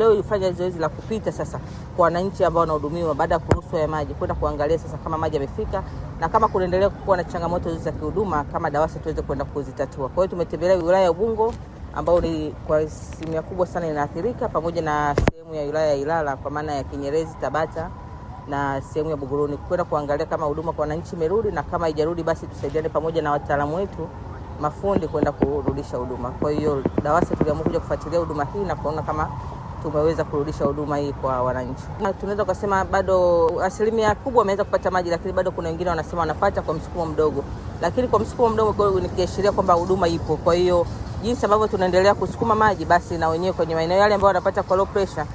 leo ifanya zoezi la kupita sasa kwa wananchi ambao wanahudumiwa baada ya kuruhusu ya maji, kwenda kuangalia sasa kama maji yamefika na kama kunaendelea kuwa na changamoto za kihuduma, kama DAWASA tuweze kwenda kuzitatua. Kwa hiyo tumetembelea wilaya ya Ubungo ambao ni kwa asilimia kubwa sana inaathirika, pamoja na sehemu ya wilaya ya Ilala kwa maana ya Kinyerezi, Tabata na sehemu ya Buguruni kwenda kuangalia kama huduma kwa wananchi imerudi, na kama ijarudi basi tusaidiane pamoja na wataalamu wetu mafundi kwenda kurudisha huduma. Kwa hiyo DAWASA tuliamua kuja kufuatilia huduma hii na kuona kama tumeweza kurudisha huduma hii kwa wananchi. Tunaweza kusema bado asilimia kubwa wameweza kupata maji, lakini bado kuna wengine wanasema wanapata kwa msukumo mdogo, lakini kwa msukumo mdogo nikiashiria kwamba huduma ipo. Kwa hiyo jinsi ambavyo tunaendelea kusukuma maji, basi na wenyewe kwenye maeneo yale ambayo wanapata kwa low pressure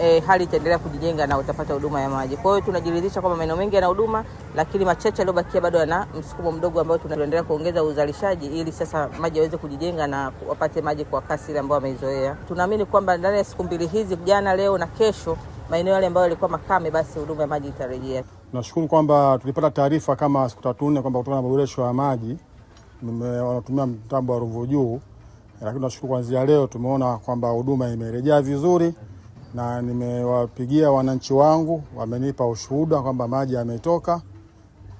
e, hali itaendelea kujijenga na utapata huduma ya maji. Kwa hiyo tunajiridhisha kwamba maeneo mengi yana huduma, lakini machache yaliyobakia bado yana msukumo mdogo ambao tunaendelea kuongeza uzalishaji ili sasa maji yaweze kujijenga na wapate maji kwa kasi ile ambayo wameizoea. Tunaamini kwamba ndani ya siku mbili hizi, jana, leo na kesho, maeneo yale ambayo yalikuwa makame, basi huduma ya maji itarejea. Nashukuru kwamba tulipata taarifa kama siku tatu nne kwamba kutokana na maboresho ya maji wanatumia mtambo wa Ruvu Juu, lakini tunashukuru kuanzia leo tumeona kwamba huduma imerejea vizuri na nimewapigia wananchi wangu, wamenipa ushuhuda kwamba maji yametoka.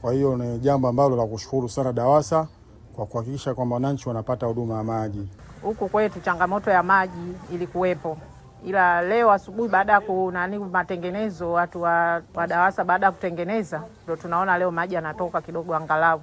Kwa hiyo ni jambo ambalo la kushukuru sana DAWASA kwa kuhakikisha kwamba wananchi wanapata huduma ya maji. Huku kwetu changamoto ya maji ilikuwepo, ila leo asubuhi baada ya kunani matengenezo watu wa, wa DAWASA baada ya kutengeneza ndo tunaona leo maji yanatoka kidogo angalau.